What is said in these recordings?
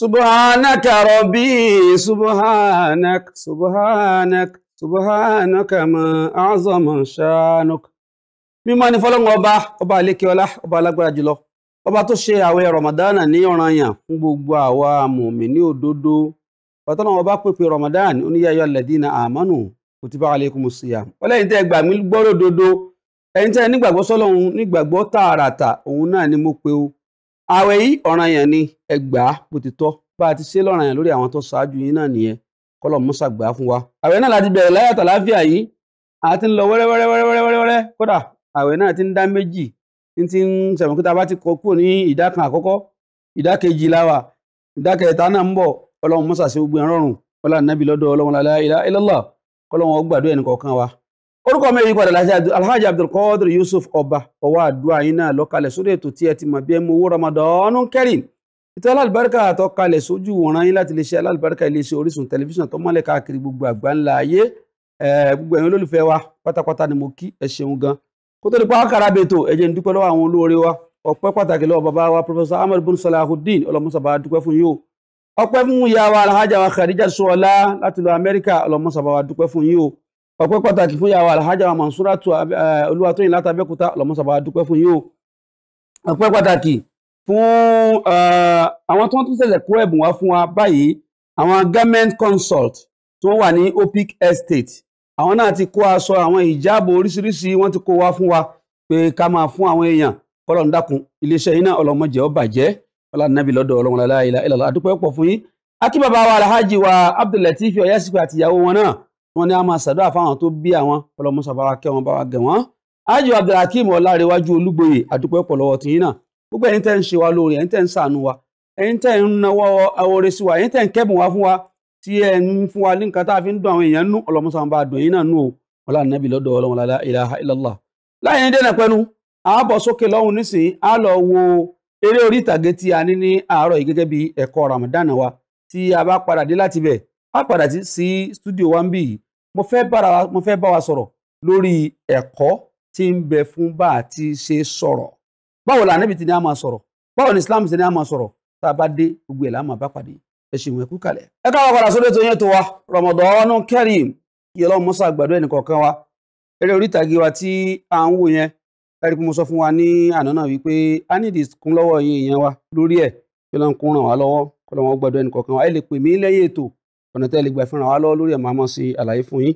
سبحانك ربي سبحانك سبحانك سبحانك ما أعظم شانك mímọ́ ni fọ́lọ́run ọba ọba àlékeọlá ọba alágbára jùlọ ọba tó ṣe àwẹ̀ ramadana ní ọ̀ranyàn fún gbogbo àwa mùmíní òdodo pàtàkì àwọn ọba pèpè ramadan oníyàyọ alladina amanu kutiba alaykumus siyam ọlẹ́yìn tẹ́ gbà mí gbọ́rọ̀ òdodo ẹ̀yin tẹ́ nígbàgbọ́ sọ́lọ́run nígbàgbọ́ tààràtà òun náà ni mo pe o àwẹ̀ yìí ọ̀ranyàn ni ẹgbàá bó ti tọ́ bá a ti ṣe lọ́ranyàn lórí àwọn tó ṣáájú yín náà nìyẹn kọ́lọ̀ mọ́sà gbà fún wa. àwẹ̀ náà láti bẹ̀rẹ̀ láyà tàláfíà yìí a ti ń lọ wẹ́rẹ́wẹ́rẹ́wẹ́rẹ́wẹ́rẹ́ kódà àwẹ̀ náà ti ń dá méjì ní ti ń sẹ̀mọ̀ kí ta bá ti kọ kúrò ní ìdá kan àkọ́kọ́ ìdá kejì láwà ìdá kẹta náà ń bọ̀ ọlọ́run mọ́sà sí gbogbo ẹ̀rọ̀rùn ọlá nàbì lọ́dọ̀ ọlọ́run lálẹ́ ilá ilọ́lá kọ́lọ́run ó ẹnì kọ̀ọ̀kan wa orúkọ mẹ́rin padà láti alhaji abdulkadir yusuf ọba ọwọ́ àdúrà yín náà lọ́kalẹ̀ sórí ètò tí ẹ ti mọ̀ bí ẹ owó ramadan kareem ètò alálùbáríkà àtọ́kalẹ̀ sójú wòran yín láti iléeṣẹ́ alálùbáríkà iléeṣẹ́ orísun tẹlifíṣàn tó mọ́lẹ̀ káàkiri gbogbo àgbáńlá ayé gbogbo ẹ̀yin olólùfẹ́ wa pátápátá ni mo kí ẹ ṣeun gan kó tó di pa ákàrà bètò ẹ jẹ́ n dúpẹ́ lọ́wọ́ àwọn olóore wa ọpẹ́ pàtàkì lọ́wọ́ bàbá wa professor ahmed bin salahuddin ọlọmọsàbà dúpẹ́ fún yín o ọpẹ́ fún ìyá wa alhaja wa khadija suwọlá láti lọ amẹ́ríkà ọlọmọsàbà wa dúpẹ́ fún yín ọpẹ́ pàtàkì fún yàwó alhaja wa mansura tu eh, Olúwatóyìn láti Abẹ́òkúta lọ́mọ́sàbà dúpẹ́ fún yín o ọpẹ́ pàtàkì fún eh, àwọn tó ń tún ṣẹ̀ṣẹ̀ kó ẹ̀bùn wá fún wa báyìí àwọn government consult tó wà ní Opic Estate àwọn náà ti kó aṣọ àwọn ìjábọ̀ oríṣiríṣi wọ́n ti kó wá fún wa pé ká máa fún àwọn èèyàn kọ́lọ̀ ń dákun iléeṣẹ́ yín náà ọlọ́mọjẹ ó bàjẹ́ ọlànàbí lọ́dọ̀ ọlọ́run láìláìlá àdúpẹ́ pọ̀ fún yín akíbàbá wa alhaji wa Abdul Latif Oyasipe àtìyàwó wọn náà wọ́n ní a máa ṣàdúrà fáwọn tó bí àwọn ọlọmọṣà bá wa kẹ́ wọn bá wa gẹ̀ wọ́n. ájò abdulhakeem ọlárẹwájú olúgbòye àdúpẹ́ ọ̀pọ̀lọwọ́ tìyín náà gbogbo ẹ̀yin tẹ́ ń ṣe wa lóore ẹ̀yin tẹ́ ń ṣàánú wa ẹ̀yin tẹ́ ń nawọ́ awore sí wa ẹ̀yin tẹ́ ń kẹ́bùn wa fún wa tí ẹ̀ ń fún wa ní nǹkan tá a fi ń dùn àwọn èèyàn nú ọlọmọṣà bá a dùn ẹ̀yin náà nú o ọlọ́run wa tí a bá padà dé a padà sí studio wa ń bì yìí mo fẹ́ bára wa mo fẹ́ bá wa sọ̀rọ̀ lórí ẹ̀kọ́ tí ń bẹ fún bá a ti ṣe sọ̀rọ̀ báwo la níbi tí ni a máa sọ̀rọ̀ báwo ni Islam ti ni a máa sọ̀rọ̀ tá a bá dé gbogbo ẹ̀ la máa bá pàdé ẹ ṣe ìwọ̀n ẹ̀kú kalẹ̀. ẹ káwọn padà sórí ètò yẹn tó wa Ramadan Kareem kí Ọlọ́run mọ́sá àgbàdo ẹnìkọ̀ọ̀kan wa eré orí ìtàgé wa tí à ń wò yẹn ẹ̀rí pé mo sọ fún wa ní àná náà wípé a ní ìdí kún lọ́wọ́ yín ìyẹn wa lórí ẹ̀ kí Ọlọ́run kún ràn wá lọ́wọ́ kí Ọlọ́run gbàdo ẹnìkọ̀ọ̀kan wa ẹ lè pè mí lẹ́yìn ètò ọ̀nà tẹ́lẹ̀ gbà fúnra wa lọ́wọ́ lórí ẹ̀ máa mọ̀ sí àlàyé fún yín.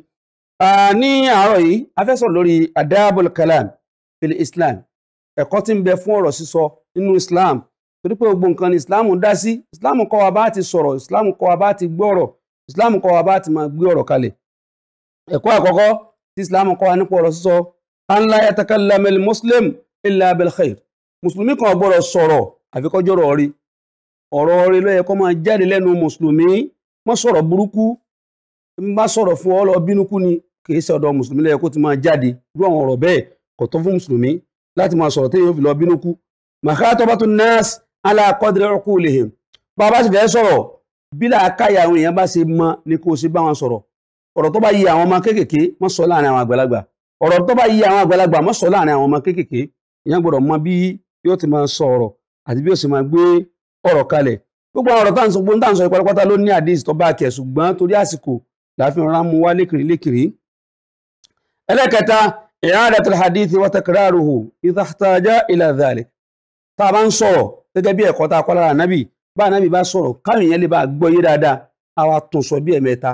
ní àárọ̀ yìí a fẹ́ sọ̀rọ̀ lórí adabul kalam fil islam ẹ̀kọ́ tí ń bẹ fún ọ̀rọ̀ sísọ nínú islam torí pé gbogbo nǹkan ni islam dá sí islam kọ́ wa bá ti sọ̀rọ̀ islam kọ́ wa bá ti gbọ́rọ̀ islam kọ́ wa bá ti máa gbé ọ̀rọ̀ kalẹ̀ ẹ̀kọ́ àkọ́kọ́ tí islam kọ́ wa nípa ọ̀rọ̀ sísọ an la muslim illa bil khair mùsùlùmí kan gbọ́dọ̀ sọ̀rọ̀ àfikọ́jọ́rọ̀ rí ọ̀rọ̀ rí ló yẹ kó máa jáde lẹ́nu mùsùlùmí mwasụ ọrọgbụr kwuu mgbasarọ fụ lọbinukwu n ke es ọdọ msumna ekwotima jadi ruo ọnwụrọ be ọtọ msumi latin asorọta nye ovel obinukwu ma ha tọbatụns aga-akpadrị rọkwa uleghem pabasaga-sorọ bina aka ya nwey ya gbasi mma n' ike osigba wasọrọ ọrọtọba ihe anwama ka ekeke masụlarị wagwalagba ọọtọba ihe anwa agwalagba masụ larị awamaka ekeke ya gboro mmabiyi biotima sorọ adibi osima gbee ọrọkali gbogbo ọ̀rọ̀ tá à ń sọ gbogbo tá à ń sọ ìpàlọ́pátá ló ní àdéhìsì tó bá kẹ̀ ṣùgbọ́n torí àsìkò láàfin ọ̀rá mú wá lékiri lékiri. ẹlẹ́kẹta i'adat al-hadith wa takraruhu idha ihtaja ila dhalik tá a bá ń sọ̀rọ̀ gẹ́gẹ́ bí ẹ̀kọ́ tá a kọ́ lára nábì bá nábì bá sọ̀rọ̀ káwọn èèyàn lè bá gbọ́ yé dáadáa a wá tún sọ bí ẹ̀mẹ́ta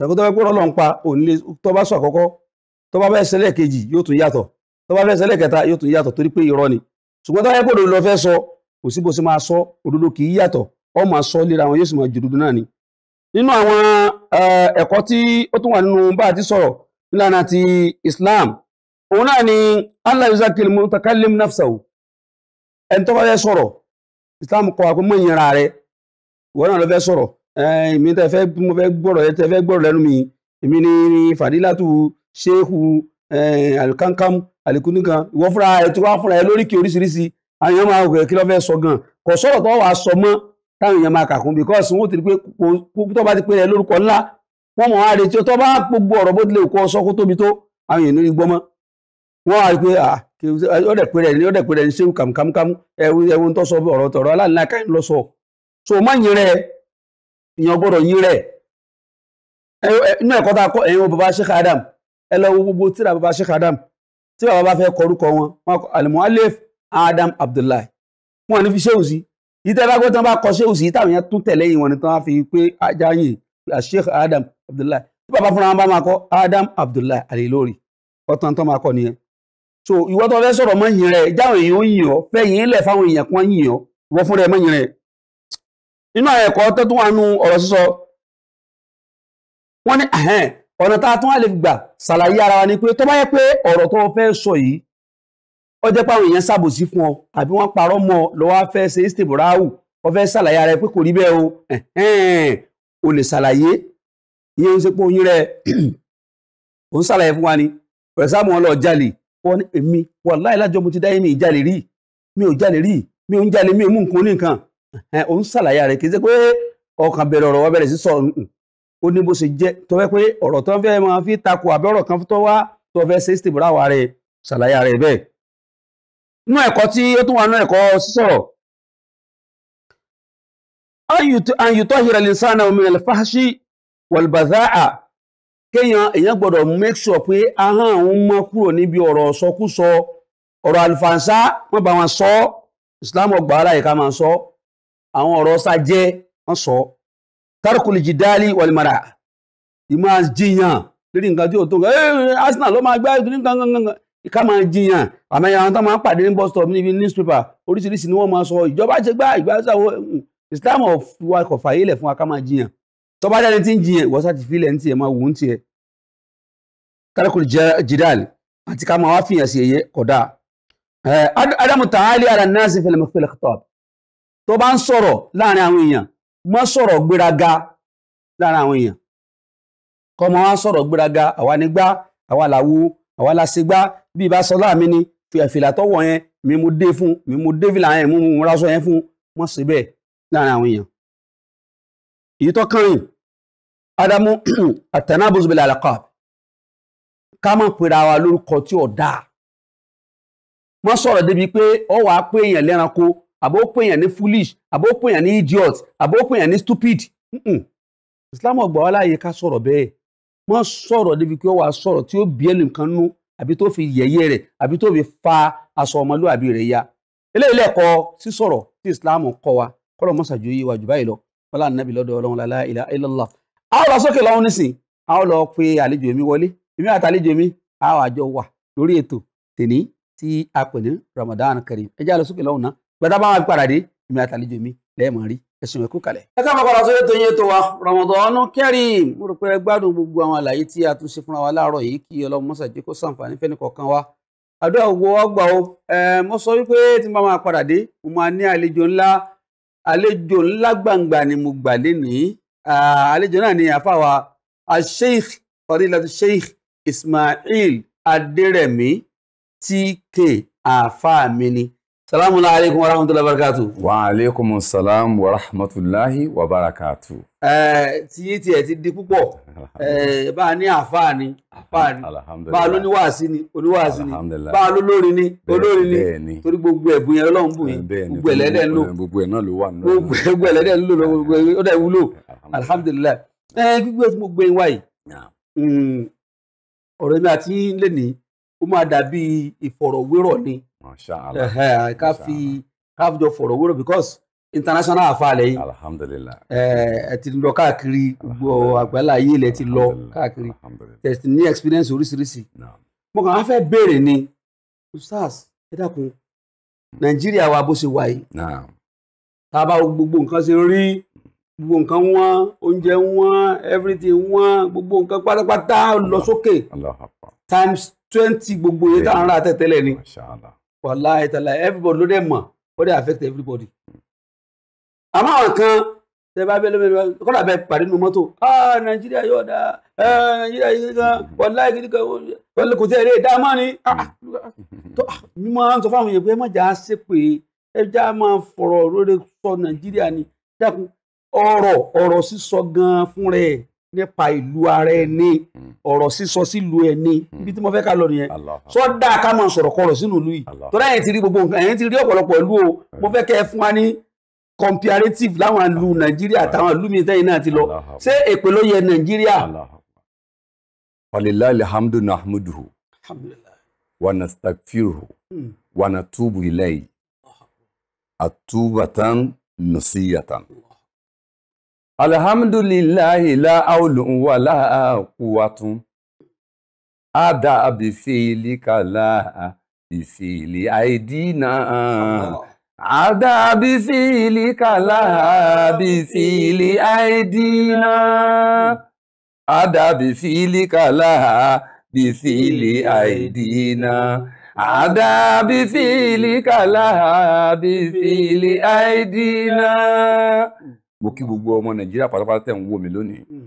ṣàkó tó bá pé Ọlọ́run pa òní tó bá sọ àkọ́kọ́ tó bá fẹ́ ṣẹlẹ̀ kejì yóò tún yàtọ̀ tó bá fẹ́ ṣẹlẹ̀ kẹta yóò tún yàtọ̀ torí pé irọ́ ni ṣùgbọ́n tó bá yẹ kó òdodo lọ fẹ́ sọ kò sí bó ṣe máa sọ òdodo kì í yàtọ̀ ọ máa sọ lera wọn yóò sì máa jòdodo náà ni. nínú àwọn eh, ẹ̀kọ́ tí ó tún wà nínú bá a ti sọ̀rọ̀ nílànà ti Islam òun náà ni allah yuzakil mutakallim nafsahu ẹni tó bá fẹ́ sọ̀rọ̀ Islam kọ́ wa pé mọ̀ ìyẹn ra rẹ̀ wọ́n náà lọ fẹ́ sọ̀rọ̀ èmi tẹ fẹ́ mo fẹ́ gbọ́rọ̀ tẹ fẹ́ gbọ́rọ̀ lẹ́nu mi èmi ni fàdílàtù ṣéhù alikankam alikunikan ìwọ fúnra ẹ tí wàá fúnra ẹ lórí kí oríṣiríṣi àwọn èèyàn máa wẹ̀ kí ló fẹ́ sọ gan kò sọ̀rọ̀ tó wàá sọ mọ́ táwọn èèyàn máa kàkún because wọn ò ti rí pé tó bá ti pè é lórúkọ ńlá wọn mọ̀ wá retí tó bá gbogbo ọ̀rọ̀ bó tilẹ̀ kó sọ kó tóbi tó àwọn èèyàn lórí gbọ́mọ́ wọn á rí pé ó dẹ̀ pé rẹ̀ ní ó dẹ̀ pé rẹ̀ ní ṣéwù kàmkàmkàm ẹ̀wù ẹ̀wù ń tọ́ sọ ọ̀rọ̀ tọ̀rọ̀ aláǹlá káyọ̀ lọ́sọ̀ọ́ so má yẹn èèyàn gbọ́dọ̀ yí rẹ̀ inú ẹ̀kọ́ tá a kọ́ ẹ̀yin bàbá Sheikh Adam ẹ lọ wo gbogbo tíra bàbá Sheikh Adam tí bàbá bá fẹ́ kọrúkọ wọn wọn kọ Al-Mu'allif Adam Abdullahi wọn ní fi ṣéwù sí yìí tẹ́ bá gbé tán bá kọ ṣéwù sí táwọn yẹn tún tẹ̀lé yìí wọn ni tán fi pé ajá yìí Sheikh Adam Abdullahi tí bàbá fúnra wọn bá máa kọ Adam Abdullahi Al-Ilori ọ̀tàn tán máa kọ nìyẹn so ìwọ tó fẹ́ sọ̀rọ̀ mọ́ yìí rẹ̀ jáwọn èèyàn yìí ọ fẹ́ yìí lẹ̀ fáwọn èèyàn kan yìí ọ wọ́n fúnra ẹ̀ mọ́ yìí rẹ̀ nínú àwọn ẹ̀kọ́ tó tún wà nú ọ̀rọ̀ sísọ wọ́n ní ọ̀nà tá a tún wà lè gbà ṣàlàyé ara wa ni pé tó bá yẹ pé ọ̀rọ̀ tó fẹ́ sọ yìí ó jẹ́ pé àwọn èèyàn ṣàbòsí fún ọ àbí wọ́n parọ́ mọ́ ọ lọ́wọ́ fẹ́ ṣe istiburahu wọ́n fẹ́ ṣàlàyé ara ẹ pé kò rí bẹ́ẹ̀ o o lè ṣàlàyé ìyẹn ń ṣe pé oyin rẹ ò ń ṣàlàyé fún wa ni for example wọn lọ jalè wọn ní èmi wàláhì lájọ mo ti dá èmi ìjalè rí mi ò jalè rí mi ò ń jalè mi ò mú nǹkan oníkan ó ń ṣàlàyé rẹ̀ kì í ṣe pé ọkàn bẹ̀rẹ̀ ọ̀rọ̀ wa bẹ̀rẹ̀ sí sọ ó ní bó ṣe jẹ́ tó fẹ́ pé ọ̀rọ̀ tó fẹ́ máa fi takò àbí ọ̀rọ̀ kan tó wá tó fẹ́ ṣe steve ráwa rẹ̀ ṣàlàyé rẹ̀ bẹ́ẹ̀. inú ẹ̀kọ́ tí ó tún wà nínú ẹ̀kọ́ sísọ̀rọ̀ an yutahira linsana min alfahshi walbaza'a kéèyàn èèyàn gbọ́dọ̀ make sure pé ahọ́n àwọn ọmọ kúrò níbi ọ̀rọ̀ sọkúsọ ọ̀rọ̀ àlùfànṣá wọ́n bá wọn sọ Islam ọgbà aláìka máa sọ àwọn ọ̀rọ̀ sájẹ́ wọ́n sọ tarkul jidali walimara ìmọ̀ jiyàn lórí nǹkan tí ò tó nǹkan Arsenal ló máa gbá ìdúrí nǹkan nǹkan ká máa jiyàn àmọ́ àwọn tó máa ń pàdé ní bus stop níbi newspaper oríṣiríṣi ni wọ́n máa sọ ìjọba ṣe gbá ìgbàsáwọ hmm, Islam wa kò fàyè lẹ̀ fún wa ká máa jiyàn tó bá dáni tí ń jiyàn ìwọ sá ti fi ilẹ̀ ń tiẹ̀ máa wù ń tiẹ̀ tarkul jidali àti ká máa wá fìyàn tó bá ń sọ̀rọ̀ láàrin àwọn èèyàn má sọ̀rọ̀ gbéraga láàrin àwọn èèyàn kọ́mọ wa sọ̀rọ̀ gbéraga àwa nígbà àwa làwo àwa làṣegbá bí ibà sọ láàmì ni fìlà tọwọ yẹn mi mú dé fún mi mú dé fìlà yẹn mú mú raṣọ yẹn fún wọn sì bẹ́ẹ̀ láàrin àwọn èèyàn. èyí tó kàn yìí adamu atanabuz bil alaqab ká má pera wa lórúkọ tí ò dáa wọn sọ̀rọ̀ débi pé ọ wàá pé èèyàn lẹ́ranko àbó pèèyàn ní foolish àbó pèèyàn ní idiot àbó pèèyàn ní stupid islam ò gbà wá láàyè ká sọ̀rọ̀ bẹ́ẹ̀ mọ́ sọ̀rọ̀ débi pé ó wàá sọ̀rọ̀ tí ó bí ẹlò nǹkan nú àbí tó fi yẹ̀yẹ́ rẹ̀ àbí tó fi fa aṣọ ọmọlúwàbí rẹ̀ ya eléyìí lẹ́kọ̀ọ́ sísọ̀rọ̀ tí islam kọ́ wa kọ́lọ̀ mọ́sàájú yìí wájú báyìí lọ wọn láà nábì lọ́dọ̀ ọlọ́run lálá ilá ilọ́lá a ó lọ sókè lọ́wọ́ nísìn a ó lọ pe àlejò mi wọlé èmi Ramadan Kareem ẹ já lọ gbàtà bá wọn padà dé èmi àtàlejò mi lẹ́ẹ̀mọ̀ rí ẹ̀sùn ẹ̀kú kalẹ̀. ẹ káàmọ̀ padà sórí ètò yẹn tó wa Ramadan Kareem mo rò pé ẹ gbádùn gbogbo àwọn àlàyé tí a tún ṣe fúnra wa láàárọ̀ yìí kí Ọlọ́run mọ́sà jẹ́ kó sàǹfààní fẹ́ni kọ̀ọ̀kan wa. àdúrà wo ọgbà o mo sọ wípé tí n bá máa padà dé mo máa ní àlejò ńlá àlejò ńlá gbangba ni mo gbà lénìí àlejò náà ni àfàwà Sheikh Fadilatu Sheikh Ismail Aderemi TK àfàmì ni salamu alaikum wa rahmatulahi wa barakatu. wa alaikum salam wa rahmatulahi wa barakatu. ẹ ti ti ẹ ti di púpọ̀ ẹ bá a ní àfáàní àfáàní bá a ló níwàásí ni oníwàásí ni bá a ló lórí ni olórí ni torí gbogbo ẹ̀bùn yẹn ọlọ́run bù yín gbogbo ẹ̀lẹ́dẹ̀ ń lò gbogbo ẹ̀ náà ló wà nínú gbogbo ẹ̀lẹ́dẹ̀ ń lò gbogbo ọ̀dẹ̀ wúlò alhamdulilayi ẹ gbígbé tí mo gbé hmm, ọ̀rọ̀ mi àti lè ó máa dàbí ìfọ̀rọ̀wérọ̀ ni ká fi ká fi jọ fọ̀rọ̀ wúrò because international àfàlẹ̀ yìí alhamdulillah ẹ ti lọ káàkiri gbogbo àgbàlá yìí ilẹ̀ ti lọ káàkiri test ní experience oríṣiríṣi mo kàn á fẹ́ béèrè ni Ustaz, ẹ dákun nàìjíríà wa bó ṣe wà yìí tá a bá gbogbo nǹkan ṣe rí gbogbo nǹkan wọ́n oúnjẹ wọ́n everything wọ́n gbogbo nǹkan pátápátá lọ sókè times twenty gbogbo yẹn tá à ń ra tẹ̀tẹ̀lẹ̀ ni. Masha Allah wàhálà ìtàlà everybody ló dẹ̀ mọ̀ ó dẹ̀ affect everybody. àmọ́ àwọn kan tẹ bá bẹ́ẹ̀ lọ́wọ́ kọ́lá bẹ́ẹ̀ parí nínú mọ́tò ah nàìjíríà yóò dáa eh, nàìjíríà yìí kan wàhálà ìkíní kan wọlé kò tẹ ẹ̀rẹ́ ìdá mọ́ ni. Ah, ah, ah, mi máa ń sọ fáwọn èèyàn pé ẹ má jà á ṣépè ẹ já máa fọ̀rọ̀ lórí sọ nàìjíríà ni dákun ọ̀rọ̀ ọ̀rọ̀ sísọ gan-an fúnra ẹ̀ nípa ìlú ara ẹni hmm. ọ̀rọ̀ sísọ sílùú ẹni hmm. ibi tí mo fẹ́ ká lọ nìyẹn sọ dáa ká máa sọ̀rọ̀ kọ̀rọ̀ sínú ìlú yìí torí ẹ̀yin ti rí gbogbo nǹkan ẹ̀yin ti rí ọ̀pọ̀lọpọ̀ ìlú o mo hmm. fẹ́ kẹ́ ẹ fún wa ní comparative láwọn ìlú nàìjíríà táwọn ìlú mi tẹ́yìn náà ti lọ ṣé èpè ló yẹ nàìjíríà. walilahi alhamdu nahmuduhu wa nastaghfiruhu wa natubu ilayhi atubatan nusiyatan. Allah alhamdulillahi la aulun wa la quwwatun ada bisili kala bisili aidina ada bisili kala bisili aidina ada bisili kala bisili aidina ada bisili kala bisili aidina mo kí gbogbo ọmọ nàìjíríà pátápátá tẹ̀ ń wò mí lónìí hmm.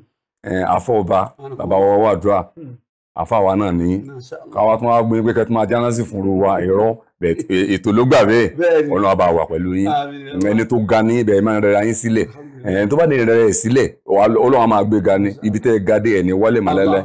àfọ̀ọba bàbá wa wà dúrà hmm. àfàwa náà ní káwa tún wá gbé pé kẹ́tù máa jánásì fúnru wa irọ́ ètò ló gbà bẹ́ẹ̀ ọlọ́run àbá pẹ̀lú yín ẹni tó ga ní ibẹ̀ máa ń rẹra yín sílẹ̀ tó bá dẹ̀ rẹ̀ sílẹ̀ ọlọ́run máa gbé ni ibi tẹ́ ga dé ẹ̀ ní wálé màlẹ́lẹ́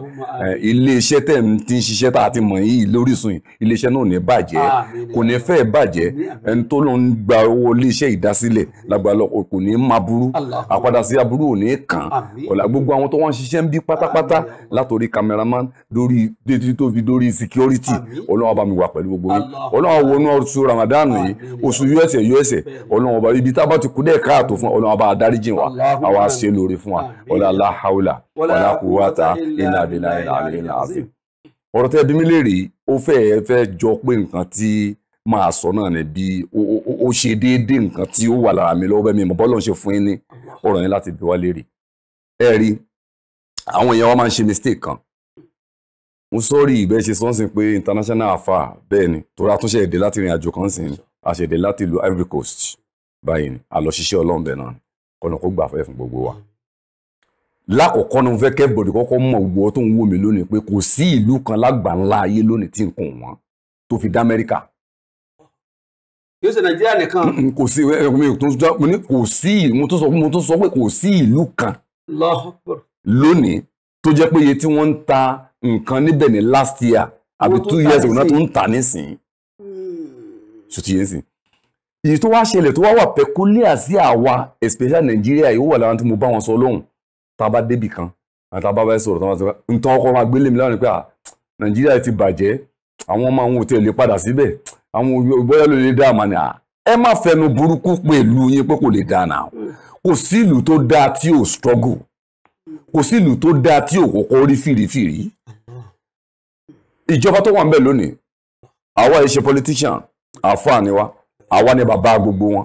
iléeṣẹ́ tẹ̀ ń ti ń ṣiṣẹ́ tá a ti mọ̀ yìí lórísun yìí iléeṣẹ́ náà ò ní bàjẹ́ kò ní fẹ́ bàjẹ́ ẹni tó ló ń gba owó iléeṣẹ́ ìdásílẹ̀ lágbàlọ́ kò ní máa burú àpadà sí aburú ò ní kàn ọ̀la gbogbo àwọn tó wọ́n ṣiṣẹ́ ń bí pátápátá látòrí cameraman lórí détí tó fi dórí security ọlọ́run bá mi wà pẹ̀lú gbogbo yín ọlọ́run wọnú oṣù Ramadan yìí oṣù us us ọlọ́run ọba ibi tá a bá ti kú dẹ́ káàtó fún ọlọ́run ọba adáríj foríjì wa àwa ṣe lórí fún wa wala la haula wala quwwata illa billahi al-aliyyil azim. ọ̀rọ̀ tẹ́ bí mi léèrè ó fẹ́ẹ́ fẹ́ jọ pé nǹkan tí máa sọ náà ni bí ó ṣe déédéé nǹkan tí ó wà lára mi lọ́wọ́ bẹ́ẹ̀ mi mọ̀ bọ́lọ̀ ń ṣe fún yín ní ọ̀rọ̀ yẹn láti bí wá léèrè. ẹ rí àwọn èèyàn wa máa ń ṣe mistake kan mo sọ́ọ̀rì ìbẹ́ ṣe sọ́nsìn pé international afa bẹ́ẹ̀ ni torí àtúnṣe èdè láti ìrìn àjò kan sìn àṣèdè láti ìlú Ivory Coast báyìí ni àlọ́ṣiṣẹ́ ọlọ́run bẹ̀ náà ni kọ́nà kó gbà fẹ́ fún gbogbo wa lákọ̀ọ́kọ́ ni mo fẹ́ kẹ́bọ̀dì kọ́kọ́ mọ̀ wọ́ tó ń wò mí lónìí pé kò sí ìlú kan lágbàńlá ayé lónìí tí nǹkan wọn tó fi dá Amẹ́ríkà. yóò ṣe Nàìjíríà nìkan. kò sí mi ò tún sọ ní kò sí mo tún sọ mo tún sọ pé kò sí ìlú kan lónìí tó jẹ́ pé iye tí wọ́n ń ta nǹkan níbẹ̀ ní last year àbí two years ago náà tó ń tà nísìnyí. sotiyesi hmm èyí tó wá ṣẹlẹ̀ tó wá wà peculiar sí àwa especially Nàìjíríà yìí ó wà lára tí mo bá wọn sọ lóhùn tá a bá débì kan àti tá a bá fẹ́ sọ̀rọ̀ tán nǹkan ọkọ̀ máa gbélé mi láwọn pé ah, Nàìjíríà ti bàjẹ́ àwọn ọmọ àwọn òtí padà síbẹ̀ àwọn ìbọ́yá ló lè dá àmà ni ah, ẹ má fẹnu burúkú pẹ̀lú yín pé kò lè dá náà kò sí ìlú tó dáa tí ò struggle kò sí ìlú tó dáa tí ò kọ́kọ́ rí fìrífìrí ìjọba tó wà ń bẹ̀ lónìí àwa ìṣe politician àfáà ni àwa ni bàbá gbogbo wọn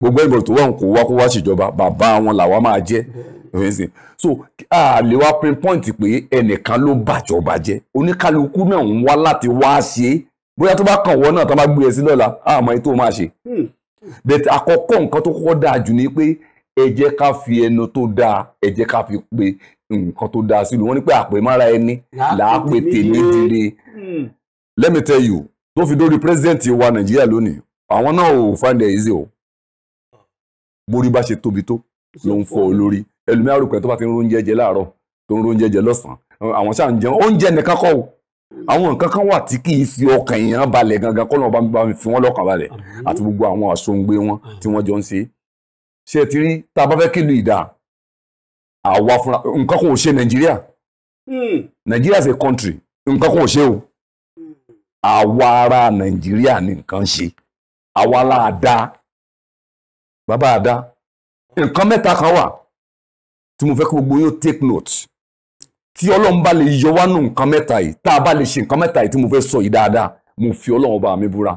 gbogbo ìgbà tó wọ́n kò wá kó wá ṣèjọba bàbá wọn làwa máa jẹ́ so a lè wá pinpoint pé ẹnìkan ló bàjọba jẹ́ oníkálukú náà ń wá láti wá ṣe é bóyá tó bá kàn wọ́n náà tó bá gbé ẹ e sí lọ́la àmọ́ ètò máa ṣe but àkọ́kọ́ nǹkan tó kọ́kọ́ dáa jù ni pé ẹ jẹ́ ká fi ẹnu tó dáa ẹ ká fi pe nǹkan tó dáa sílùú wọ́n ní pé àpèmára ẹni làá tèmi dire let me tell you tó fi dórí president wa nàìjíríà lónìí àwọn náà ò find it easy o ah. borí bá ṣe tóbi tó ló ń fọ olórí ẹlòmíì àròpẹ tó bá ti ń róúnjẹ jẹ láàárọ̀ tó ń róúnjẹ jẹ lọ́sànán àwọn ṣáà ń jẹun oúnjẹ nìkan kọ́ o hmm. àwọn nǹkan kan wà tí kì í fi ọkàn èèyàn balẹ̀ gangan kọ́ ló bá bá fi wọ́n lọ́kàn balẹ̀ àti gbogbo àwọn àsoǹgbé wọn ah. tí wọ́n jọ ń ṣe ṣe ti rí tá a bá fẹ́ kílù ìdá àwa fúnra nǹkan kò ṣe nàìjíríà hmm. nàìjíríà is a country nǹkan kò ṣe o hmm. àwa ara nàìjíríà ni nǹkan ṣe àwa la dá bàbá àdá nǹkan mẹ́ta kan wà tí mo fẹ́ kí gbogbo yóò take note tí ọlọ́run bá lè yọ wá nù nǹkan mẹ́ta yìí tá a bá lè ṣe nǹkan mẹ́ta yìí tí mo fẹ́ sọ yìí dáadáa mo fi ọlọ́run bá mi búra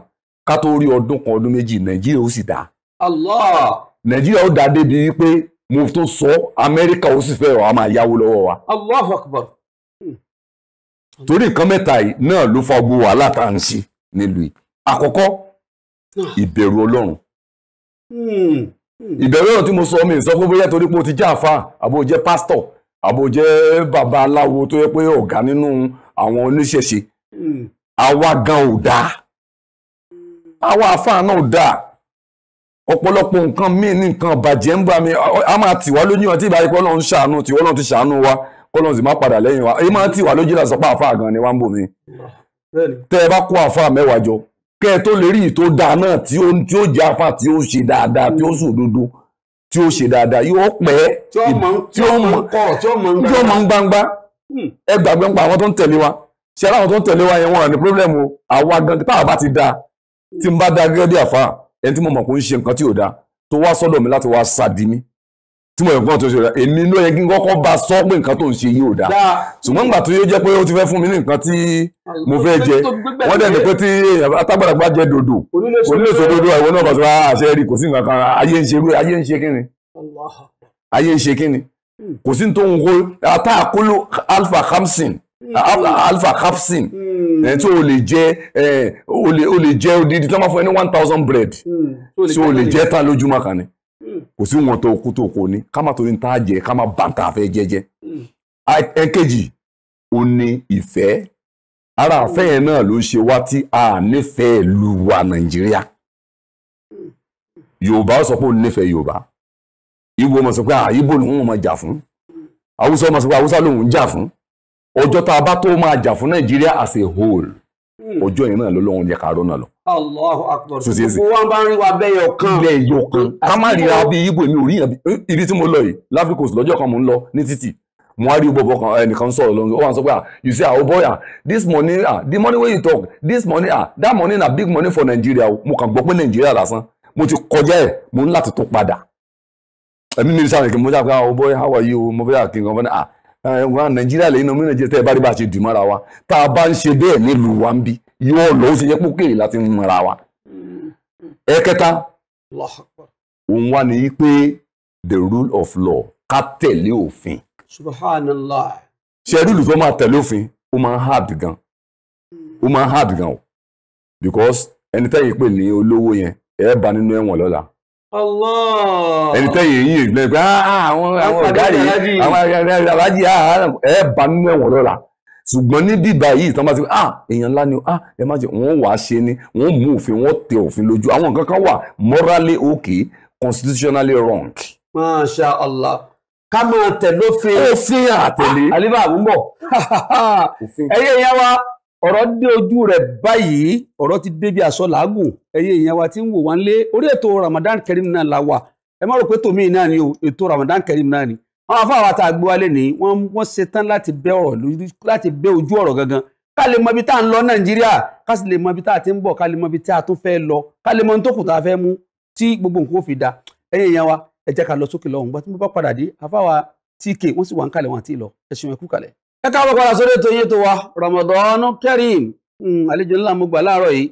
ká tó rí ọdún kan ọdún méjì nàìjíríà ó sì dáa. Allah. nàìjíríà ó dáa débi wípé mo tó sọ amẹ́ríkà ó sì fẹ́ ọ̀ a máa yáwó lọ́wọ́ wa. torí nǹkan mẹ́ta yìí náà ló fa gbogbo wàhálà tá à ń ṣe nílùú yìí àkọ́kọ́ Ah. ìbẹ̀rù ọlọ́run hmm, hmm. ìbẹ̀rù ọlọ́run tí mo sọ mi sọ fún bóyá torí pé o ti jẹ́ àfa àbò jẹ́ pásítọ̀ àbò jẹ́ bàbá aláwo tó yẹ pé ọ̀gá nínú àwọn oníṣẹ̀ṣe hmm. àwa gan ò dáa àwa àfa náà ò dáa ọ̀pọ̀lọpọ̀ nǹkan míì ní nǹkan bàjẹ́ ń bá mi a máa tì wá lójú wọn tí ìbáyé kọ́ lọ́n ń ṣàánú tí wọ́n lọ́n ti ṣàánú wa kọ́ lọ́n sì má padà lẹ́yìn wa èyí máa tì wá lójú ìlàsọ̀pá àfa gan ni wá ń bò mí tẹ́ ẹ bá kó àfa mẹ́wàá jọ kẹ́ ẹ tó lè rí ìtò dáa náà tí ó tí ó jẹ́ afá tí ó ṣe dáadáa tí ó sùn dúdú tí ó ṣe dáadáa yóò pẹ́ tí ó mọ̀ tí ó mọ̀ tí ó mọ̀ gbangba hmm. ẹ gbàgbé ń pa àwọn tó ń tẹ̀lé wa ṣe aláwọn tó ń tẹ̀lé wa yẹn wọn ní problem o àwa gan tá a bá ti da tí n bá da gẹ́gẹ́ bí àfa ẹni tí mo mọ̀ kó ń ṣe nǹkan tí ò da tó wá sọ́dọ̀ mi láti wá sàdí mi tí mo rẹ̀ fún ọ̀tún ṣe rẹ̀ èmi ló yẹ kí n kọ́kọ́ bá sọ pé nǹkan tó ń ṣe yìí ò dáa ṣùgbọ́n nígbà tó yẹ jẹ́ pé ó ti fẹ́ fún mi ní nǹkan tí mo fẹ́ jẹ wọ́n dẹ̀ ní pé tí atágbàdàgbà jẹ dòdò onílẹ̀sọ dòdò àwọn náà kọ̀ọ̀sọ́ àṣẹ ah, rí kò sí nǹkan kan ayé ń ṣe rú ayé ń ṣe kíni ayé ń ṣe kíni hmm. kò sí tó ń wo ata àkóló alpha hamsin hmm. alpha capsin hmm. ẹ tí o lè jẹ ẹ o lè jẹ odidi tí wọ́n máa fún ẹ ní one thousand bread tí o lè jẹ tán lójúmọ́ kan ni kò sí wọn tó kú tó kò ní ká má torí ta jẹ ká má bá ta fẹ́ jẹjẹ ẹ̀kejì ó ní ìfẹ́ ara àfẹ́ yẹn náà ló ń ṣe wá tí a nífẹ̀ẹ́ lu wa nàìjíríà yorùbá sọ pé ó nífẹ̀ẹ́ yorùbá ibo mọ̀ sọ pé àyíbò ah, lòun máa jà fún haúsá mọ̀ sọ pé haúsá lòun jà fún ọjọ́ tá a bá tó máa jà fún nàìjíríà as a whole hmm. ọjọ́ yẹn náà lọ́lọ́run yẹ ká rọ́nà lọ Allahu akbar. Sọ sẹ́sẹ́. Wọ́n bá ń rí wa bẹ́ẹ̀ yọkan. Ilẹ̀ yọkan. Ká má rí ra bí Ibo mi ò rí yàn ibi tí mo lọ yìí láfíríkò lọ́jọ́ kan mò ń lọ ní títì. Mo wá rí bọ̀bọ̀ kan eh, ẹnìkan sọ̀rọ̀ lọ́nà ó wà sọ pé ah, you say ah oh boy ah this money ah the money wey you talk this money ah that money na big money for Nigeria o mo kàn gbọ́ pé Nigeria lásán mo ti kọjá ẹ̀ mo ní láti tó padà. Ẹ̀mí mi sáré kí mo jà pé ah oh boy how are you mo fẹ́ kí n kan fẹ́ ah eh, Nàìjíríà lẹ́yìn náà mi Nàìjíríà tẹ́ ẹ bá rí bá a ṣe dì mọ́ra wa tá a bá ń ṣe bẹ́ẹ̀ nílùú wa ń bí yóò lọ ó sì yẹ pé kéè láti mọra wa. ẹ̀kẹta òun wá ní pé the rule of law ká tẹ̀lé òfin. subhanallah. ṣe rúlù tó máa tẹ̀lé òfin ó máa ń hard gan ó máa ń hard gan o because ẹni tẹ́yìn pè ní olówó yẹn ẹ bá nínú ẹ̀wọ̀n lọ́la. ẹni tẹ́yìn yìí lẹ́yìn pé ah, ah, àwọn ọ̀gá rèé àwọn ọ̀gá rèé ah, ẹ bá nínú ẹ̀wọ̀n lọ́la ṣùgbọ́n ní bíbá yìí tán bá ti ah èèyàn ńlá ni ah ẹ má jẹ wọ́n wàá ṣe ni wọ́n mú òfin wọ́n tẹ òfin lójú àwọn nǹkan kan wà morally okay constitutionally wrong. masha allah ká máa tẹ̀lé òfin. òfin àtẹ̀lé. àlébà àbúbọ̀ ẹyẹ ìyá wa ọ̀rọ̀ dé ojú rẹ̀ báyìí ọ̀rọ̀ ti débi aṣọ làágùn ẹyẹ ìyá wa ti ń wò wá ń lé orí ètò Ramadan Kareem náà la wà ẹ má rò pé tòmí náà ni o ètò Ramadan Kareem náà ni àwọn afọ àwọn àtàgbé wa lẹ́nu wọ́n wọ́n ṣe tán láti bẹ́ ọ̀rọ̀ lórí láti bẹ́ ojú ọ̀rọ̀ gangan ká lè mọ ibi tá à ń lọ nàìjíríà ká sì lè mọ ibi tá a ti ń bọ̀ ká lè mọ ibi tá a tún fẹ́ lọ ká lè mọ ohun tó kù tá a fẹ́ mú tí gbogbo nǹkan ó fi da ẹ̀yin èèyàn wa ẹ jẹ́ ká lọ sókè lọ́hùn gbọ́ tí mo bá padà dé afáwa tk wọ́n sì wà ń kalẹ̀ wọn àti ìlọ ẹ ṣeun ẹ kú kalẹ̀. ẹ káàbọ̀ padà sórí ètò yín tó wa Ramadan Kareem hmm, àlejò ńlá mo gbà láàárọ̀ yìí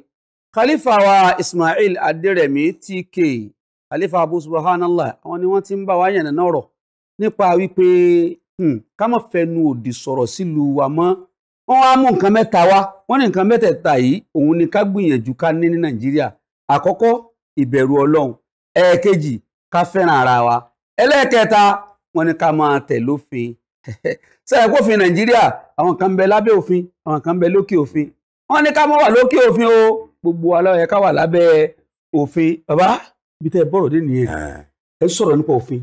khalifa wa Ismail Aderemi tk khalifa abu subhanallah àwọn ni wọ́n ti ń bá wa yànnà náà rọ̀ nípa wípé hmm, ká má fẹnu òdì sọ̀rọ̀ sílùú wa mọ́ wọ́n wá mú nǹkan mẹ́ta wá wọ́n ní nǹkan mẹ́tẹ̀ẹ̀ta yìí òun ni ká gbìyànjú ká ní ní nàìjíríà àkọ́kọ́ ìbẹ̀rù ọlọ́run ẹ̀ẹ̀kejì ká fẹ́ràn ara wa ẹlẹ́ẹ̀kẹta wọ́n ní ká máa tẹ̀ lófin sẹ́yìn kófin nàìjíríà àwọn kan ń bẹ lábẹ́ òfin àwọn kan ń bẹ lókè òfin wọ́n ní ká má wà lókè òfin o gbogbo aláwọ̀ yẹn ká wà lábẹ́ òfin bàbá bí tẹ́ bọ̀rọ̀ dé nìyẹn ẹ sọ̀rọ̀ nípa òfin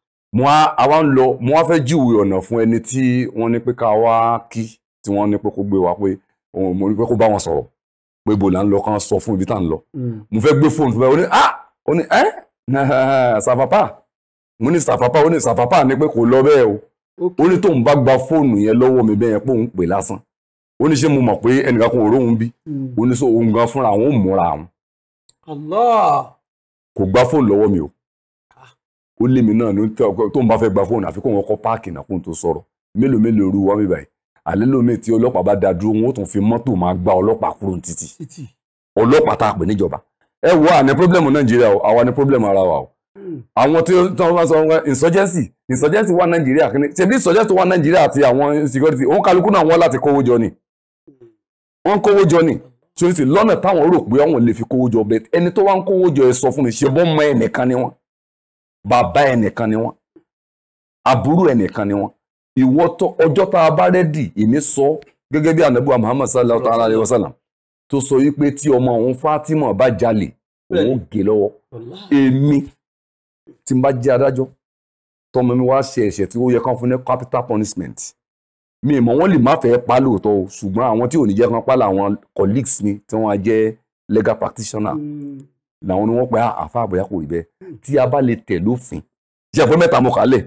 mo á àwa ń lọ mo á fẹ́ júwe ọ̀nà fún ẹni tí wọ́n ní pé ká wá kí tí wọ́n ní pé kó gbé wa pé òun mo ní pé kó bá wọn sọ̀rọ̀ pé bò là ń lọ kán sọ fún ibi tá à ń lọ hmm. mo fẹ́ gbé fóònù fún ẹ ó ní ah ó ní ẹ eh? sàfàpà mo ní sàfàpà ó ní sàfàpà ní pé kò lọ bẹ́ẹ̀ o ó ní tóun bá gba fóònù yẹn lọ́wọ́ mi bẹ́ẹ̀ yẹn pé òun pè lásán ó ní ṣé mo mọ̀ pé ẹnìkan kan ò róhun bí hmm. ó ní sọ òun gan fúnra àwọn ò múra àwọn. Allah. kò gba fóònù lọ́wọ́ mi o ó lé mi náà tó ń bá fẹ́ gba fóònù àfikún wọn kọ́ páàkì náà kó n tó sọ̀rọ̀ mélòó mélòó irú wa mi báyìí alẹ́ lómi tí ọlọ́pàá bá da dúró wọn ó tún fi mọ́tò máa gba ọlọ́pàá kúrò títì ọlọ́pàá tá a pè níjọba ẹ wo àní pọ́blẹ́mù nàìjíríà o àwa ní pọ́blẹ́mù ara wa o hmm. àwọn tí wọ́n bá sọ wọn insurgency insurgency wà nàìjíríà kìíní ṣèbí insurgency wà nàìjíríà àti àwọn security òun kálukú náà wọ́n láti kówó jọ ni wọ́n kówó jọ ni ṣòwò sí lọ́nà táwọn rò pé àwọn lè fi kówó jọ bẹ́ẹ̀ ẹni tó wá ń kówó jọ ẹ sọ fún mi ṣe bọ́ mọ ẹnìkan ni wọ́n bàbá ẹnìkan ni wọ́n àbúrò ẹnìkan ni wọ́n ìwọ tó ọjọ́ tá a bá rẹ́dì èmi sọ gẹ́gẹ́ bí anabu muhammad sallallahu alayhi wa sallam tó sọ wípé tí ọmọ òun fatima bá jalè òun gé lọ́wọ́ èmi tí n bá jẹ́ adájọ́ tọmọ mi wá ṣe ẹ̀ṣẹ̀ tí ó yẹ kán fún ní capital punishment mi mọ̀ wọ́n lè má fẹ́ pa lóòótọ́ o ṣùgbọ́n àwọn tí ò ní jẹ́ kán pa làwọn colleagues mi tí wọ́n á legal practitioner. Mm làwọn ni wọ́n pẹ́ ah, àfa àbọ̀yá kò rí bẹ́ẹ̀ tí a bá lè tẹ̀ lófin jẹ́ pé mẹ́ta mo kà lẹ̀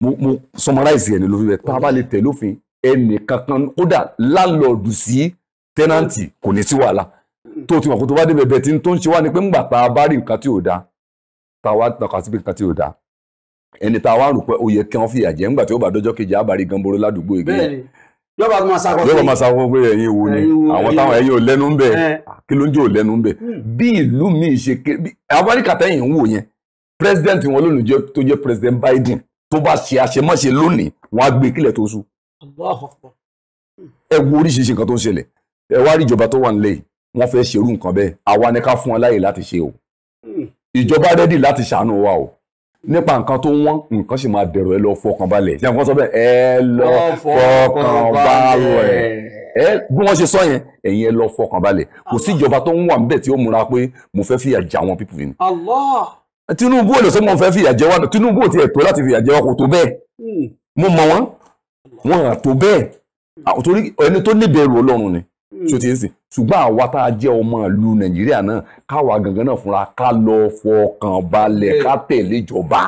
mo summarize ẹni lófin bẹ́ẹ̀ tá a bá lè tẹ̀ lófin ẹnì kankan kódà láńlọ́ọ̀dù sí tẹ́nàntì kò ní sí wàhálà mm. tó ti mọ̀ kó tó bá débẹ̀ bẹ́ẹ̀ tí tó ń ṣe wá ni pé ńgbà tá a bá rí nǹkan tí ò da tá a wá tàkà sí pé nǹkan tí ò da ẹni tá a wá rò pé ó yẹ kí wọ́n fìyà jẹ ńgbà tí ó bá dọ́jọ́ kejì á bá ládùúgbò ìgbéyàwó yóò bá máa sakọ pé yóò bá máa sakọ pé ẹ̀yin wo ni àwọn táwọn ẹ̀yin ò lẹ́nu ń bẹ̀ kí ló ń jẹ́ ò lẹ́nu ń bẹ̀ hmm. bí ìlú mi ṣe ké amẹ́ríkà tẹ́yìn ń wò yẹn president wọn lónìí tó jẹ́ president Biden tó bá ṣe àṣemáṣe lónìí wọn á gbé e kílẹ̀ tó sùn ẹ wo oríṣiríṣi nǹkan tó ń ṣẹlẹ̀ ẹ wá rí ìjọba tó wà nílẹ̀ yìí wọ́n fẹ́ ṣerú nǹkan bẹ́ẹ̀ àwa ni ká fún wọn láyè láti ṣe o hmm. ìjọba rẹ́dì láti ṣàánú wa o nípa nǹkan tó wọ́n nǹkan sì máa dẹ̀rọ̀ ẹ lọ fọkàn balẹ̀ ṣé àwọn sọ bẹ́ẹ̀ ẹ lọ fọkàn balẹ̀ ẹ bí wọ́n ṣe sọ yẹn ẹ̀yin ẹ lọ fọkàn balẹ̀ kò sí ìjọba tó ń wà níbẹ̀ tí ó múra pé mo fẹ́ fìyà jẹ àwọn pípù yìí. Tinubu ò lè sọ mo fẹ́ fìyà jẹ wá Tinubu ò tiẹ̀ tó láti fìyà jẹ wá kò tó bẹ́ẹ̀ hmm. mo mọ̀ wọ́n wọn à tó bẹ́ẹ̀ torí ẹni tó níbẹ̀rù Ọlọ́run ni tó ti ń sìn ṣùgbọ́n àwa tá a jẹ́ ọmọ ìlú nàìjíríà náà káwa gangan náà fúnra ká lọ fọkàn balẹ̀ ká tẹ̀lé ìjọba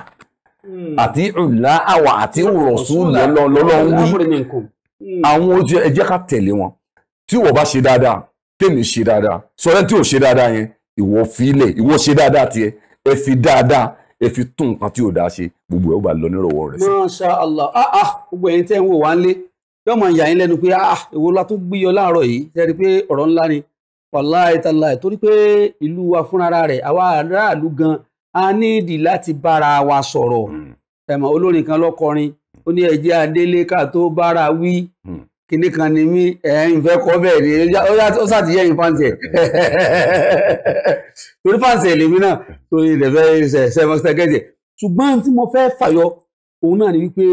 hmm. àti ìlà àwà àti ìrọ̀sùn lọ́lọ́run wí hmm. àwọn ojú ẹ jẹ́ ká tẹ̀lé wọn tí wọ́n bá ṣe dáadáa tèmi ṣe dáadáa sọ̀rẹ́ tí ò ṣe dáadáa yẹn ìwọ fílẹ̀ ìwọ ṣe dáadáa tiẹ̀ ẹ fi dáadáa ẹ fi tún nǹkan tí ò dáa ṣe gbogbo ẹ ó bá lọ nírọ̀wọ́ rẹ̀ sí. Masha Allah ah ah gbogbo ẹ̀yin tẹ́ ń wò wá ń lé yóò máa yà yín lẹ́nu pé ah èwo la tún gbíyọ láàárọ̀ yìí ṣẹ́ni pé ọ̀rọ̀ ńlá ni wàláì tàláì torí pé ìlú wa fúnra rẹ̀ àwa aráàlú gan a nídìí láti bára wa sọ̀rọ̀ hmm. ẹ̀mọ̀ olórin kan lọ́kọrin ó ní ẹ̀jẹ̀ adélé ká tó bára wí hmm. kinní kan ni mí ẹ̀ ń fẹ́ kọ́ bẹ́ẹ̀ ni ó ṣàtìyẹ́ yín fáǹsì ẹ̀ torí fáǹsì ẹ̀ lèmi náà torí ìdẹ̀fẹ́ ṣẹ̀ ṣẹ̀ ṣùgbọ́n tí mo fẹ́ fàyọ òun náà ni wípé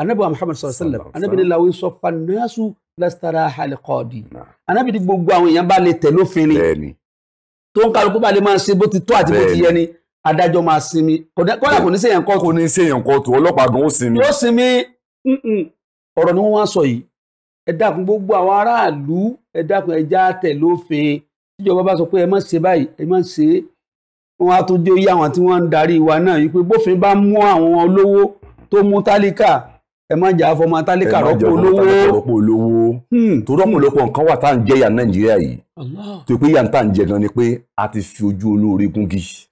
anabi wa muhammad sallallahu alaihi wasallam anabi ni lawi sọ fanasu lastara halikọọdi anabi ni gbogbo àwọn èèyàn bá lè tẹ̀ lófin ni tó ń kálukú bá lè máa ṣe bó ti tó àti bó ti yẹ ni adájọ́ máa sinmi kódà kò ní ṣe èèyàn kóòtù. kò ní ṣe èèyàn kóòtù ọlọ́pàá gan ó sinmi. ó sinmi ọ̀rọ̀ ni wọ́n wá sọ yìí ẹ dákun gbogbo àwọn aráàlú ẹ dákun ẹ já tẹ̀ lófin tíjọba bá sọ pé ẹ má ṣe báyìí ẹ má ṣe wọn á tó àwọn tí wọ́n ń darí wa náà yìí pé bófin bá mú àwọn olówó tó mú tálíkà ẹ má jà fọmọ atálíkà rọ́pò olówó rọ́pò olówó hmm. tó rọ́pòlọpọ̀ nǹkan wà tá à ń jẹ ìyà nàìjíríà yìí tó pé ìyà tá à ń jẹ gan ni pé a ti fi ojú olóore gúngi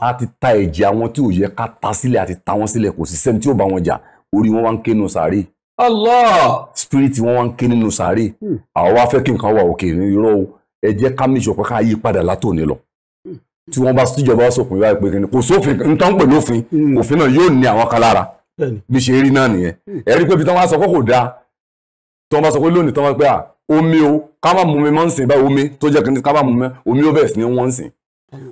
a ti ta ẹ̀jẹ̀ àwọn tí ò yẹ ká ta sílẹ̀ a ti ta wọn sílẹ̀ kò sí sẹ́ni tí ò bá wọn jà orí wọn wá ń ké nù sàárè Allah spirit wọn wá ń ké nínú sàárè hmm. àwọn wá fẹ́ kí nǹkan wà òkè ní irọ́ o ẹ jẹ́ ká ká yí padà látòní lọ hmm. tí wọ́n bá tíjọba sọ̀kùnrin báyìí pé kí ni kò sófin nǹkan pẹ̀lú òfin òfin náà yóò ní àwọn kan lára bí ṣe rí náà nìyẹn ẹ rí pé ibi tí wọ́n á sọ pé kò dáa tí wọ́n bá sọ pé lónìí tí wọ́n pé à omi o ká má mú mi mọ́ ń sìn báyìí omi tó jẹ́ kí ká má mú omi ó bẹ̀rẹ̀ sí ní wọ́n ń sìn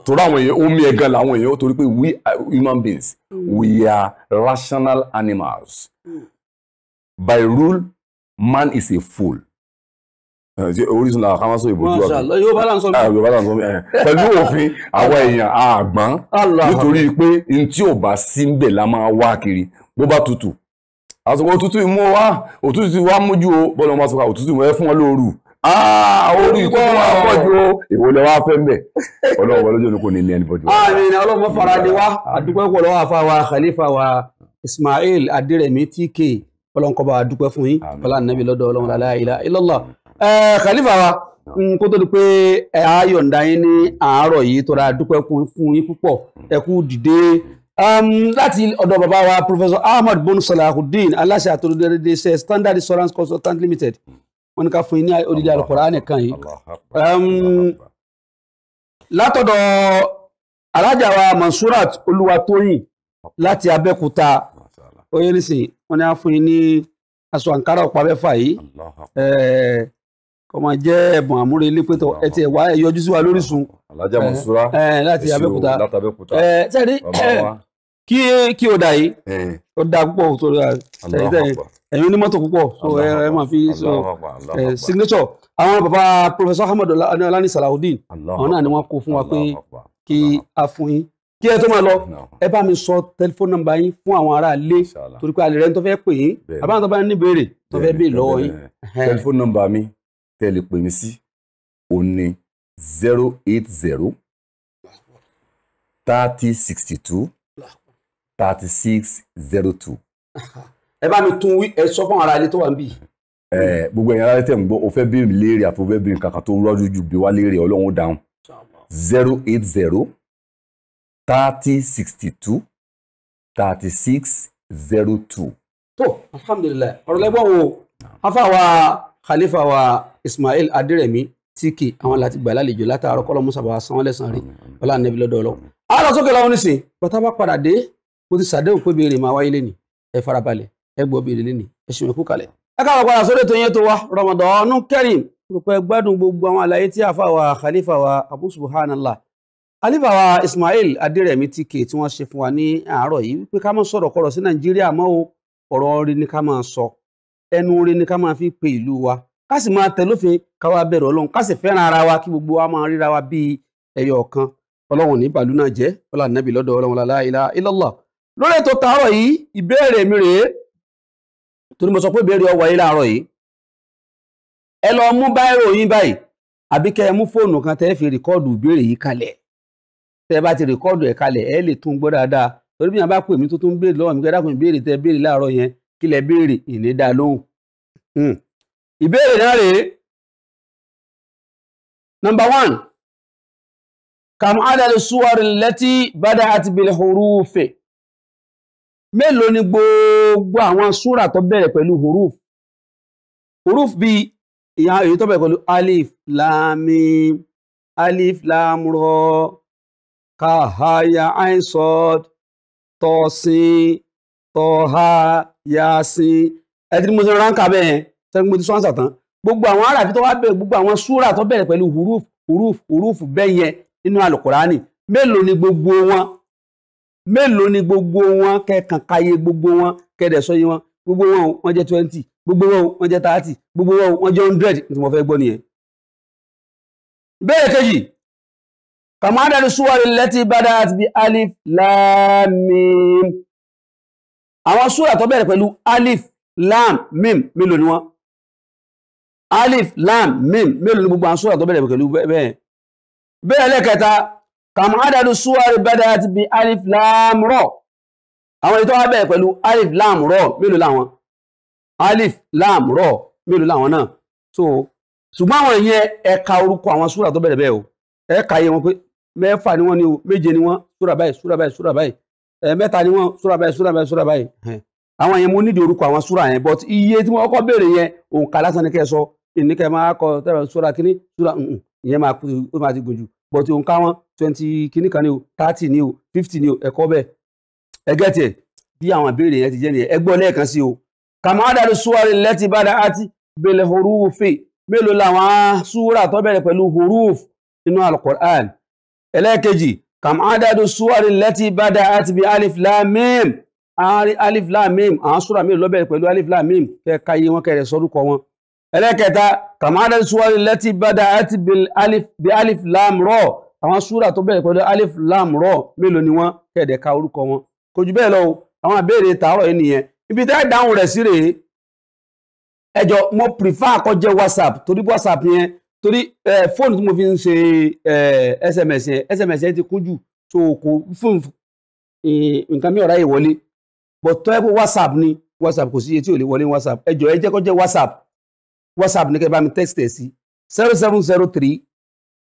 torí àwọn èèyàn omi ẹ̀gan làwọn èèyàn torí pé we are human beings we are rational animals by rule man is a fool orísun la kama so ìbòjú ọkàn yorùbá là ń sọ ah, bẹ́ẹ̀ pẹ̀lú òfin àwọn èèyàn àgbọn nítorí pé n tí ò bá sí ń bẹ̀ la máa wá kiri bó bá tutù àsìkò òtútù mú wá òtútù ti wá mójú o bọ́lá wọn bá sọ̀rọ̀ òtútù mú ẹ fún ọ lóru ah, orí ikú wọn pọ̀ ju ìwò lọ́wọ́ afẹ́ ń ọlọ́wọ́ ọlọ́jọ́ ló kò ní ní ẹni pọ̀jù. àmín ọlọ́mọ farade wa àdúpẹ́ pọ̀ lọ́wọ́ àfa wa khalifa wa ismail adiremi tk ọlọ́nkọba àdúpẹ́ fún yín ọlá nàbí lọ́dọ̀ ọlọ́run la ilaha illallah. khalifa wa kó tó di pé ayọ̀ǹda yín ní àárọ̀ yìí tó ra àdúpẹ́ fún yín púpọ̀ ẹ dìde Um, láti ọ̀dọ̀ bàbá wa professor ahmed bonu salahuddin aláṣẹ àtòlódéédé iṣẹ́ standard insurance consultant limited wọ́n ní ká fún yín ní odidi alukora nìkan yìí um, látọ̀dọ̀ alájà wa mansurat olúwatóyìn láti abẹ́kúta oyè nísìnyí wọ́n ní ká fún yín ní aṣọ àǹkárá ọ̀pá mẹ́fà yìí kọ́ eh, máa jẹ́ ẹ̀bùn àmúrelé pé tọ ẹ wá ẹ sí wa lórísun alájà eh, mansura eh, láti abẹ́kúta látàbẹ́kúta sẹ́ni kí kí o dà yìí o dà púpọ̀ o tó ẹ̀yin onímọ́tò púpọ̀ so ẹ máa fi so signature àwọn bàbá professor ahmed ọlani salawudeen àwọn náà ni wọ́n kó fún wa pé kí a fún yín kí ẹ tó máa lọ ẹ bá mi sọ tẹlifóònù nọ́mbà yín fún àwọn ará ilé torí pé àlèrè tó fẹ́ pè yín àbáwọn tó bá ní ìbéèrè tó fẹ́ béèrè lọ́wọ́ yín. tẹlifóònù nọ́mbà mi tẹ́ lè pè mí sí òní zero eight zero thirty sixty two thirty six zero two. ẹ bá mi tún wí ẹ sọ fún ara ilé tó wà ń bì. ẹ gbogbo ẹ̀yin ará tẹ̀ ń gbọ́ o fẹ́ bí léèrè àti o fẹ́ bí kàkà tó rọ́jú ju bí wá léèrè ọlọ́run dáhùn zero eight zero thirty sixty two thirty six zero two. tó alhamdulilayi ọ̀rọ̀ lẹ́gbọ́n o afa wa khalifa wa ismail adiremi tíkì àwọn láti gbà lálejò látàárọ̀ kọ́lọ́ musa bàbá sanwó-ẹlẹ́sàn rí ọlá nẹ́bí lọ́dọ̀ ọlọ́. a lọ sókè lọ́wọ́ nísìnyí bàtà bá padà dé mo ti ṣàdéhùn pé béèrè máa wáyé lẹ́nìí ẹ farabalẹ̀ ẹ gbọ́ béèrè lẹ́nìí ẹ ṣe mẹ́kú kalẹ̀. ẹ káwọn padà sórí ètò yẹn tó wa Ramadan Kareem rúpẹ́ gbádùn gbogbo àwọn àlàyé tí àfa wa khalifa wa abu subhanallah alifa wa Ismail Adérẹ̀mí ti kè tí wọ́n ṣe fún wa ní àárọ̀ yìí wípé ká má sọ̀rọ̀ kọ̀rọ̀ sí Nàìjíríà mọ́ o ọ̀rọ̀ orin ni ká máa sọ ẹnu orin ni ká máa fi pe ìlú wa ká sì máa tẹ̀ lófin ká wá bẹ̀rù ọlọ́run ká sì fẹ́ràn ara wa kí gbogbo wa máa ríra wa bíi ẹyọ ọ̀kan ọlọ́run ní bàlú náà jẹ́ ọlọ́run nàbì lọ́dọ̀ ọlọ́run la ilaha illallah lórí ètò tàárọ̀ yìí ìbéèrè mi rèé torí mo sọ pé ìbéèrè ọwọ yìí láàárọ̀ yìí ẹ lọ mú báírò yín báyìí àbí ẹ mú fóònù kan tẹ ẹ fi rìkọ́ọ̀dù ìbéèrè yìí kalẹ̀ tẹ ẹ bá ti rìkọọdù ẹ kalẹ̀ ẹ lè tún dáadáa torí bí bá pè mí béèrè mi ìbéèrè yẹn kí lẹ béèrè ìní dá lóhùn. Hmm. ìbéèrè náà kam suwari mélòó ni gbogbo àwọn súrà tó bẹ̀rẹ̀ pẹ̀lú huruf huruf bí ìyá èyí tó bẹ̀rẹ̀ pẹ̀lú alif lamim alif lamro kahaya ainsod tọ́sìn tọ́ha yasin ẹ̀dín mo ti ránkà bẹ́ẹ̀ sẹ́ni mo ti sọ́nsà tán gbogbo àwọn aráàfin tó wá bẹ̀rẹ̀ gbogbo àwọn súrà tó bẹ̀rẹ̀ pẹ̀lú huruf huruf huruf bẹ́yẹn nínú alukurani mélòó ni gbogbo wọn mélòó ni gbogbo wọn kẹkàn káyé gbogbo wọn kẹdẹ sọyé wọn gbogbo wọn wọn jẹ twenty gbogbo wọn wọn jẹ thirty gbogbo wọn wọn jẹ hundred tí mo fẹ́ gbọ́ nìyẹn. bẹ́ẹ̀ kejì kàmádàdì súwárì lẹ́tí bàdà àti bíi alif lam mim àwọn súwárì tó bẹ̀rẹ̀ pẹ̀lú alif lam mim mélòó ni wọn alif lam mim mélòó ni gbogbo àwọn súwárì tó bẹ̀rẹ̀ pẹ̀lú bẹ́ẹ̀ bẹ́ẹ̀ lẹ́kẹta kàmú àdàdù súwárì bẹ́dà àti bí alif lam rọ àwọn ètò abẹ́ pẹ̀lú alif lam rọ mélòó làwọn alif lam rọ mélòó làwọn náà so ṣùgbọ́n àwọn ìyẹn ẹ̀ka orúkọ àwọn súra tó bẹ̀rẹ̀ bẹ́ẹ̀ o ẹ̀ka yẹ wọn pé mẹ́fà ni wọ́n ní o méje ni wọ́n súra báyìí súra báyìí súra báyìí mẹ́ta ni wọ́n súra báyìí súra báyìí súra báyìí àwọn yẹn mo nídìí orúkọ àwọn súra yẹn but iye tí wọ́n kọ́ béèrè yẹn òǹkà lásán ni kẹ́ sọ ìníkẹ́ máa kọ súra kínní súra ìyẹn máa ti gòjù but òǹkà wọn twenty kìíní kan ni o thirty ni o fifty ni o ẹ̀kọ́ bẹ́ẹ̀ ẹgẹ́ tiẹ̀ bí àwọn ìbéèrè yẹn ti jẹ́ nìyẹn ẹ gbọ́ lẹ́ẹ̀kan sí o kàmáàdàlú suwari lẹ́tì bàdà àti bẹ̀lẹ̀ horúfè mélòó làwọn súwúrà tó bẹ̀rẹ̀ pẹ̀lú horúf nínú alukur'an ẹlẹ́ẹ̀kejì kàmáàdàlú suwari lẹ́tì bàdà àti bí alif lamim alif lamim àwọn súwúrà mélòó ló bẹ̀rẹ̀ pẹ̀lú alif lamim kẹ́ẹ̀ka iye wọn kẹ́ẹ̀rẹ̀ sọ́rúkọ wọn ẹlẹ́kẹta kàmáàdà súwárí lẹ́tí bada àti bí alif lam rọ àwọn súra tó bẹ̀rẹ̀ pẹ̀lú alif lam rọ mélòó ni wọ́n kẹ̀dẹ̀ ka orúkọ wọn kò jù bẹ́ẹ̀ lọ o àwọn àbẹ̀rẹ̀ tààrọ̀ yìí nìyẹn ibi tẹ́ dáhùn rẹ̀ sí rèé ẹjọ́ mo prefer kó jẹ́ whatsapp torí whatsapp yẹn torí fóònù tí mo fi ń ṣe sms yẹn sms yẹn ti kún jù so kò fún nǹkan mi ọ̀rá yìí wọlé but tọ́ ẹ pé whatsapp ni whatsapp kò sí iye tí ò lè wọlé whatsapp ẹjọ́ ẹ jẹ́ jẹ́ whatsapp whatsapp ní kẹ́ bá mi text ẹ̀ sí zero seven zero three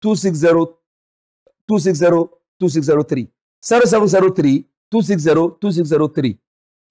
two six zero two six zero two six zero three zero seven zero three two six zero two six zero three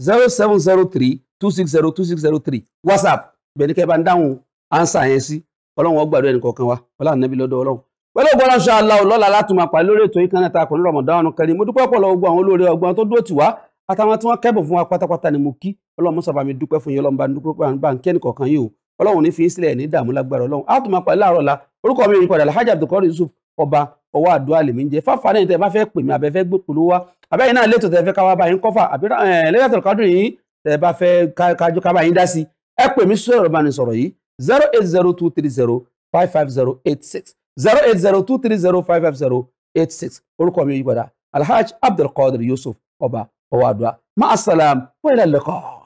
zero seven zero three two six zero two six zero three whatsapp bẹ́ẹ̀ ní kẹ́ bá ń dáhùn ánsà yẹn sí ọlọ́run ó gbàdúrà ẹnì kọ̀ọ̀kan wa ọlọ́run nẹ́bí lọ́dọ̀ ọlọ́run pẹ̀lú ògbọ́n aṣọ aláwọ̀ lọ́la láti máa pàdé lórí ètò ìkànnì ta kùnrin rọmọdánù kẹrin mo dúpẹ́ pọ̀ lọ́wọ́ gbogbo àwọn olóore ọgbọ́n tó dúró tì wá àtàwọn tí wọ́n kẹ́bùn fún wa pátápátá ni mo kí ọlọ́run mọ́sàbà mi dúpẹ́ fún yín ọlọ́run bá ń dúpẹ́ bá ń yìí o ọlọ́run ní fi í sílẹ̀ ní ìdààmú lágbára ọlọ́run á tún máa pàdé láàárọ̀ la orúkọ mi ní padà alhaji abdulkadir yusuf ọba ọwọ́ àdúrà lèmi ń jẹ fáfá lẹ́yìn tẹ́ ẹ bá fẹ́ pè mí abẹ́ fẹ́ gbé pẹ̀lú wa abẹ́yìn náà lẹ́tọ̀ tẹ́ fẹ́ káwá báyìí kọ́fà àbí lẹ́tọ̀ kádùn yìí tẹ́ bá fẹ́ kájọ ká báyìí dá sí ẹ pè mí sọ̀rọ̀ bá ní sọ̀rọ̀ yìí zero eight zero two three zero five five zero eight six zero eight zero two three zero five five zero eight six orúkọ mi yìí padà alhaji abdulkadir yusuf ọba ọwọ́ àdúrà ma'asalam wa ila liqa.